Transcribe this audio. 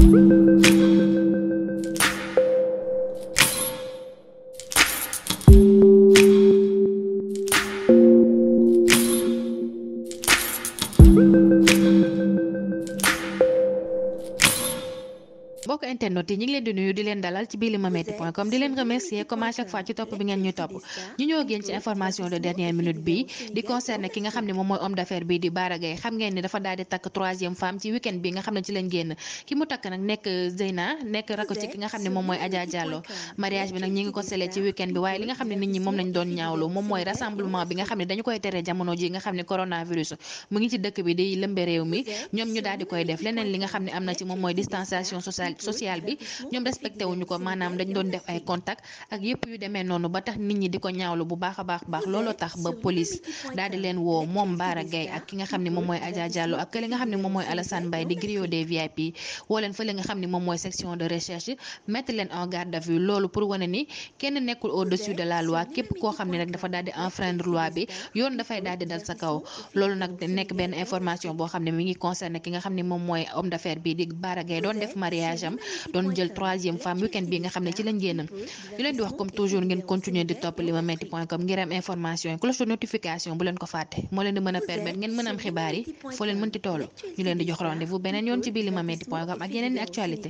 Música mbokk internet yi ñu leen di nuyu di leen dalal ci biir limametti.com di leen remercier comme à chaque fois ci topp bi ngeen ñu topp ñu ñëw génn ci information de dernière minute bi di concerné ki nga xam ne moom mooy homme d'affaires bi di Bara xam ngeen dafa daal takk troisième femme ci week bi nga xam ne ci lañ génn ki mu takk nag nekk Zeyna nekk rako ci ki nga xam ne moom mooy Adja mariage bi nag ñi ngi ko sele ci week distanciation sociale bi ñoom respecté wuñu ko maanaam dañ doon def ay contact ak yëpp yu demee noonu ba tax nit ñi di ko ñaawlu bu baax a baax baax looloo tax ba police daal di leen woo moom Bara Gaye ak ki nga xam ne moom mooy Adja Diallo di griot des VIP woo leen fa nga xam ne moom mooy section de recherche mettre leen en garde à loolu pour wane ni kenn nekkul au-dessus képp koo xam ne rek dafa daal di enfreindre loi bi yoon dafay daal dal sa kaw loolu itam doon jël troisième femme weekend bi nga xam ne ci lañ génn ñu leen di wax comme toujours ngeen continuer di topp limametti point com ngir information yi cloche de notification bu leen ko fàtte moo leen di mën a ngeen mën xibaar yi foo leen mënti toll ñu leen di jox rendez-vous beneen yoon ci biir limametti point com ak yeneen i actualité